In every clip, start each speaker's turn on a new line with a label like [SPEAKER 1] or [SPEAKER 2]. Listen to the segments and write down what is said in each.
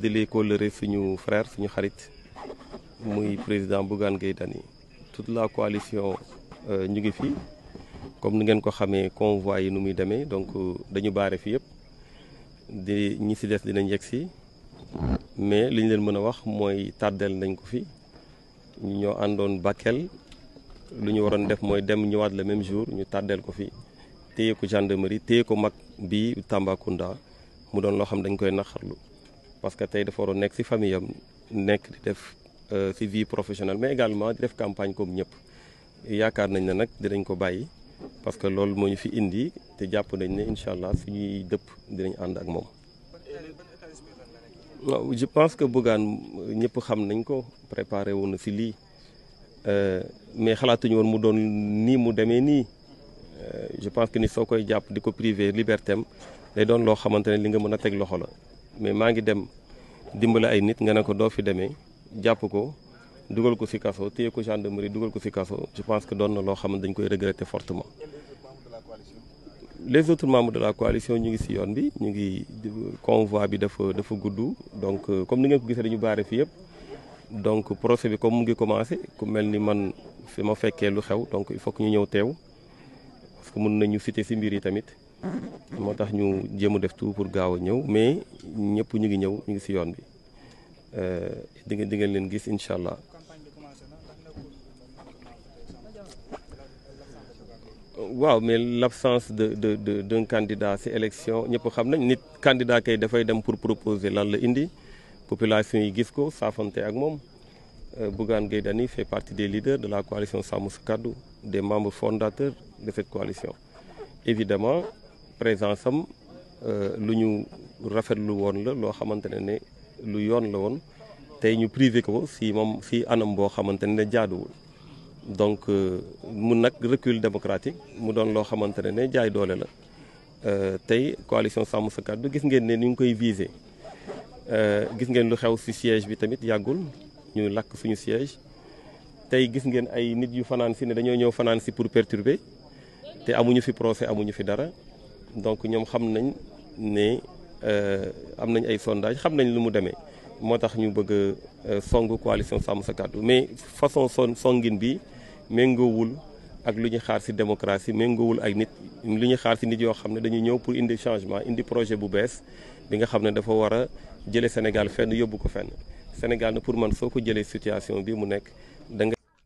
[SPEAKER 1] fidélé kóllëre suñu frère suñu xarit muy président Bougane Gueye Dany toute la coalition euh, ñu ngi fi comme ni ngeen ko xamee convoi yi nu muy demee donc euh, dañu baare fi yëpp di ñi si des dinañ yegg si mais li ñu leen mën a wax mooy tàddeel nañ ko fi ñu ñoo àndoon Bakel lu ñu waroon def mooy dem ñëwaat la même jour ñu tàddeel ko fi téye ko gendarmerie téye ko mag bi Tambacounda mu doon loo xam dañ koy naqarlu parce que tey dafa waroon nekk ci famille am nekk di def euh, ci vie professionnelle mais également di def campagne comme ñëpp yaakaar nañ ne nag dinañ ko bàyyi parce que loolu moo ñu fi indi te jàpp nañ ne incha allah ñuy dëpp dinañ ànd ak moom. je pense que Bougane ñëpp xam nañ ko préparer woon na ci lii euh, mais xalaatuñu woon mu doon nii mu demee nii euh, je pense que ni soo koy jàpp di ko privé liberté am day doon loo xamante ne li nga mën a teg loxo la. mais maa ngi dem dimbale ay nit nga ne ko doo fi demee jàpp ko dugal ko ci kaso téye ko gendarmerie dugal ko ci kaso je pense que doon na loo xam ne dañ koy regretter fortement. les autres membres de la coalition ñu ngi si yoon bi ñu ngi convoi bi dafa dafa gudd donc euh, comme ni ngeen ko gisee dañu baare fii yëpp donc procès bi comme mu ngi commencé ku mel ni man fi ma fekkee lu xew donc il faut que ñu ñëw teew parce mën nañu citer ci mbir yi tamit. moo tax ñu jéem a def tout pour gaaw a ñëw mais ñëpp ñu ngi ñëw ñu ngi si yoon bi euh, di nga di ngeen leen gis incha allah. waaw mais l'absence de de de d'un candidat ci élection ñëpp xam nañ nit candidat kay dafay dem pour proposer lan la indi population yi gis ko saafante ak moom euh, Bougane Gueye Dany fait partie des leaders de la coalition Sàmm Sa Kàddu de membres fondateurs de cette coalition évidemment présence am euh, lu ñu rafetlu woon la loo xamante ne ne lu yoon la woon tey ñu privé ko si moom si anam boo xamante ne jaaduwul donc euh, mu nag recul démocratique mu doon loo xamante ne ne jaay doole la euh, tey coalition Sàmm Sa Kàddu gis ngeen ne ni ñu koy visé gis ngeen lu xew si siège bi tamit yàggul ñu lakk suñu siège tey gis ngeen ay nit yu fanaan si ne dañoo ñëw fanaan si pour perturber te amuñu fi procès amuñu fi dara donc ñoom xam nañ ne euh, am nañ ay sondage xam nañ lu mu demee moo tax ñu bëgg a euh, song coalition sàmm sa kàddu mais façon son songin bi méngoowul ak lu ñu xaar ci démocratie méngoowul ak nit lu ñu xaar si nit yoo xam ne dañuy ñëw pour indi changement indi projet bu bees bi nga xam ne dafa war a jëlee Sénégal fenn yóbbu ko fenn Sénégal na pour man soo ko jëlee situation bi mu nekk da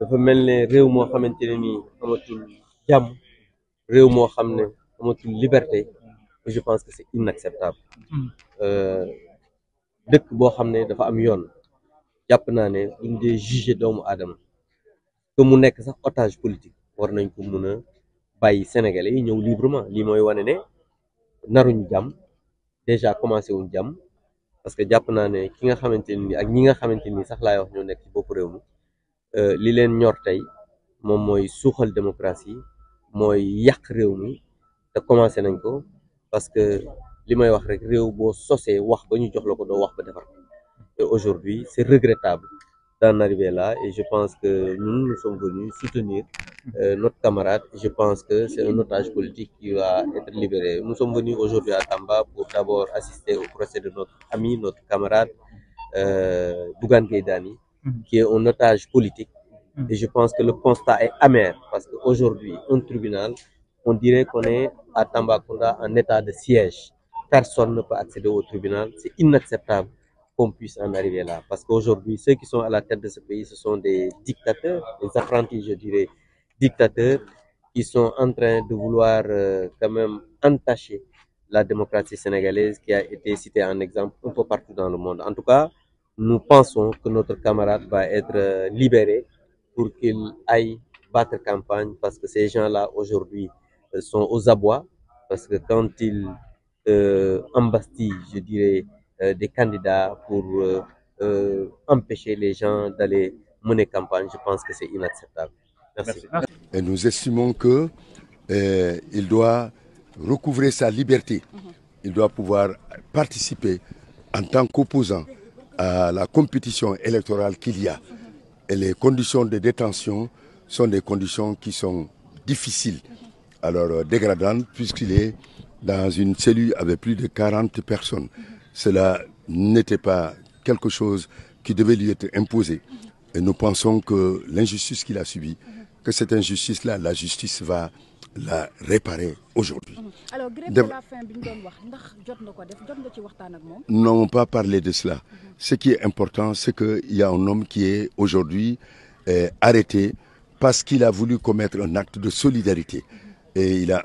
[SPEAKER 2] dafa mel ne réew moo xamante ne amatul jàmm réew moo xam ne amatul liberté je pense que c'est inacceptable hmm. euh, dëkk boo xam ne dafa am yoon jàpp naa ne buñ dee jugé doomu aadama que mu nekk sax otage politique war nañ ko mun a bàyyi sénégalais yi ñëw librement lii mooy wane ne naruñ jàmm déjà commencé wuñ jàmm parce que jàpp naa ne ki nga xamante ni ak ñi nga xamante ni sax laa wax ñoo nekk ci bopp réew mi Euh, li leen ñor tey moom mooy suuxal démocratie mooy yàq réew mi te commencé nañ ko parce que li may wax rek réew boo sosee wax ba ñu jox la ko doo wax ba defar te aujourd'hui c'est regrettable d'en arriver là et je pense que ñun nous, nous sommes venus soutenir euh, notre camarade je pense que c'est un otage politique qui va être libéré nous sommes venus aujourd'hui à Tamba pour d'abord assister au procès de notre ami notre camarade euh, Bougane Mm-hmm. qui est un otage politique. Mm-hmm. Et je pense que le constat est amer parce qu'aujourd'hui, un tribunal, on dirait qu'on est à Tambacounda en état de siège. Personne ne peut accéder au tribunal. C'est inacceptable qu'on puisse en arriver là. Parce qu'aujourd'hui, ceux qui sont à la tête de ce pays, ce sont des dictateurs, des apprentis, je dirais, dictateurs, qui sont en train de vouloir euh, quand même entacher la démocratie sénégalaise qui a été citée en exemple un nous pensons que notre camarade va être euh, libéré pour qu'il aille battre campagne parce que ces gens-là aujourd'hui euh, sont aux abois parce que quand ils euh, euh, des candidats pour empêcher les gens d'aller mener campagne, je pense que c'est inacceptable.
[SPEAKER 3] nous estimons que doit recouvrer sa liberté. Mhm. Il doit pouvoir participer en tant qu'opposant à la compétition électorale qu'il y a. Et les conditions de détention sont des conditions qui sont difficiles, alors euh, dégradantes, puisqu'il est dans une cellule avec plus de 40 personnes. Cela n'était pas quelque chose qui devait lui être imposé. Et nous pensons que l'injustice qu'il a subie, que cette injustice-là, la justice va la réparer aujourd'hui mmh. alors grève de la pas parler de cela mmh. ce qui est important c'est que il y a un homme qui est aujourd'hui euh, arrêté parce qu'il a voulu commettre un acte de solidarité mmh. et il a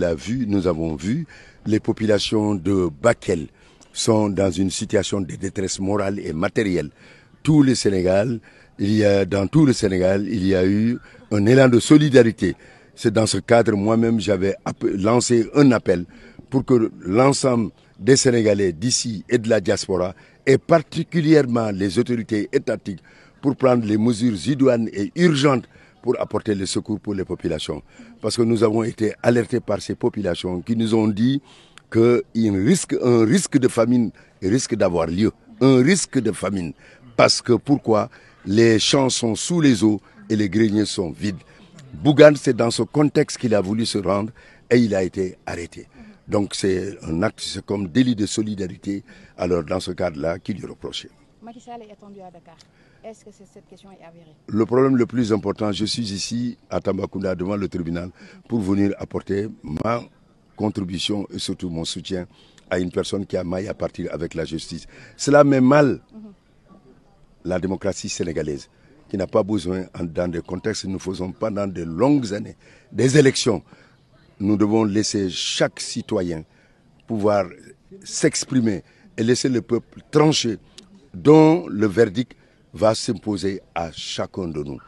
[SPEAKER 3] l'a vu nous avons vu les populations de Bakel sont dans une situation de détresse morale et matérielle tout le Sénégal il y dans tout le Sénégal il y a eu un élan de solidarité C'est dans ce cadre, moi-même, j'avais lancé un appel pour que l'ensemble des Sénégalais d'ici et de la diaspora, et particulièrement les autorités étatiques, pour prendre les mesures idoines et urgentes pour apporter le secours pour les populations. Parce que nous avons été alertés par ces populations qui nous ont dit qu'il risque, un risque de famine risque d'avoir lieu. Un risque de famine. Parce que pourquoi Les champs sont sous les eaux et les greniers sont vides. Bougane, c'est dans ce contexte qu'il a voulu se rendre et il a été arrêté. Donc c'est un acte, c'est comme délit de solidarité, alors dans ce cadre-là, qui lui reprochait. Le problème le plus important, je suis ici à Tambacounda devant le tribunal pour venir apporter ma contribution et surtout mon soutien à une personne qui a maille à partir avec la justice. Cela met mal mhm. la démocratie sénégalaise. qui n'a pas besoin, dans des contextes, nous ne faisons pas dans de longues années, des élections. Nous devons laisser chaque citoyen pouvoir s'exprimer et laisser le peuple trancher, dont le verdict va s'imposer à chacun de nous.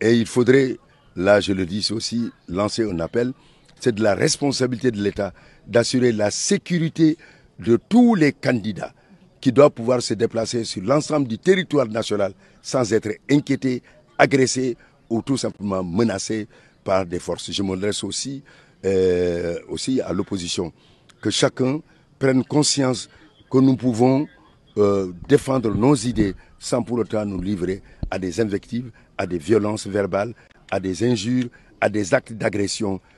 [SPEAKER 3] Et il faudrait, là je le dis aussi, lancer un appel, c'est de la responsabilité de l'État d'assurer la sécurité de tous les candidats qui doit pouvoir se déplacer sur l'ensemble du territoire national sans être inquiété, agressé ou tout simplement menacé par des forces. Je m'adresse aussi, euh, aussi à l'opposition, que chacun prenne conscience que nous pouvons euh, défendre nos idées sans pour autant nous livrer à des invectives, à des violences verbales, à des injures, à des actes d'agression.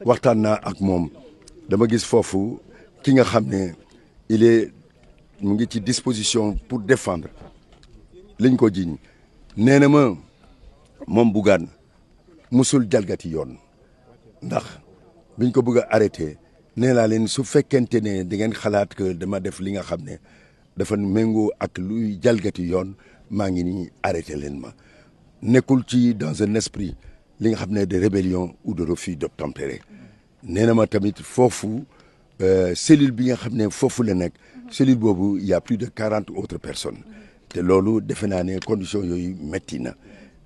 [SPEAKER 3] waxtaan naa ak moom dama gis foofu ki nga xam ne il est mu ngi ci disposition pour défendre liñ ko jiñ nee na ma moom Bougane musul jalgati yoon ndax biñ ko bëgg a arrêté nee naa leen su fekkente ne da ngeen xalaat que dama def li nga xam ne dafa méngoo ak luy jalgati yoon maa ngi nii arrêté leen ma nekkul ci dans un esprit li nga xam ne de rébellion ou de refus d'obtempérer nee na ma tamit foofu euh, cellule bi nga xam ne foofu la nekk cellule boobu il plus de quarante autres personne te loolu defe naa ne conditions yooyu métti na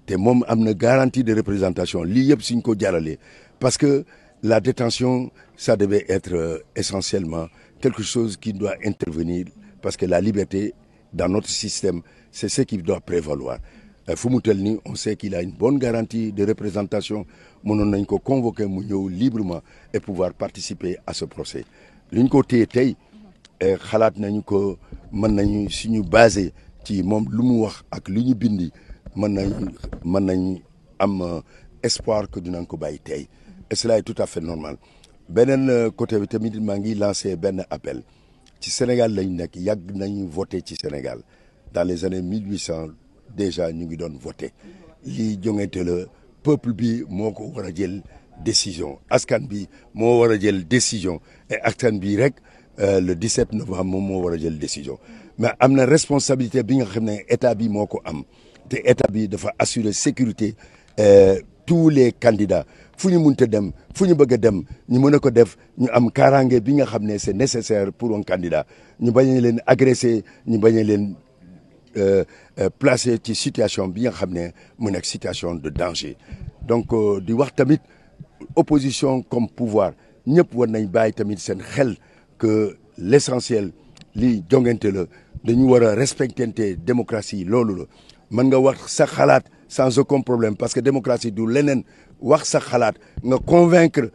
[SPEAKER 3] te moom am na garantie de représentation lii yëpp suñ ko jaralee parce que la détention ça devait être euh, essentiellement quelque chose qui doit intervenir parce que la liberté dans notre système c'est ce qui doit prévaloir Euh, fu mu tel nii on sait qu'il a une bonne garantie de représentation mënoon nañ ko convoquer mu ñëw librement et pouvoir participer à ce procès li ñu ko téye tey euh, xalaat nañu ko mën nañu suñu basé ci moom lu mu wax ak lu ñu bindi mën nañ mën nañ am euh, espoir que dinañ ko bàyyi tey et cela est tout à fait normal beneen côté bi tamit maa ngi lancé benn appel ci Sénégal lañ nekk yàgg nañu voté ci Sénégal dans les années mille huit cent déjà ñu ngi doon voté lii joŋante la peuple bi moo ko war a jël décision askan bi moo war a jël décision et askan bi rek euh, le 17 novembre moom moo war a jël décision mais am na responsabilité bi nga xam ne état bi moo ko am te état bi dafa assurer sécurité euh, tous les candidats fu ñu mënta dem fu ñu bëgg dem ñu mën a ko def ñu am kaaraange bi nga xam ne c'est nécessaire pour un candidat ñu bañ a leen agressé ñu bañ leen Euh, euh, placé ci situation bi nga xam ne mu nekk situation de danger donc euh, di wax tamit opposition comme pouvoir ñëpp war nañ bàyyi tamit seen xel que l'essentiel lii jongante la dañu war a respectante démocratie loolu la mën nga wax sax xalaat sans aucun problème parce que démocratie du leneen wax sax xalaat nga convaincre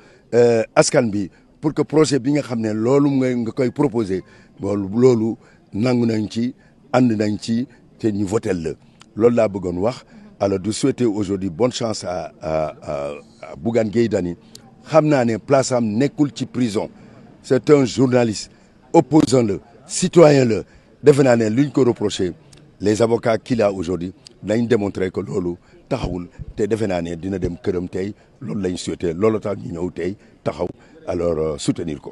[SPEAKER 3] askan bi pour que projet bi nga xam ne loolu nga koy proposé loolu loolu nangu nañ ci ànd nañ ci te ñu votel la loolu laa bëggoon wax alors de souhaiter aujourd'hui bonne chance à à à, à Bougane Gueye xam naa ne place am nekkul ci prison c'est un journaliste opposant la citoyen le defe naa ne luñ ko reproché les avocats qu'il a aujourd'hui nañ démontrer que loolu taxawul te defe naa ne dina dem këram tey loolu lañ souhaité loolu ñu ñëw tey taxaw alors euh, soutenir ko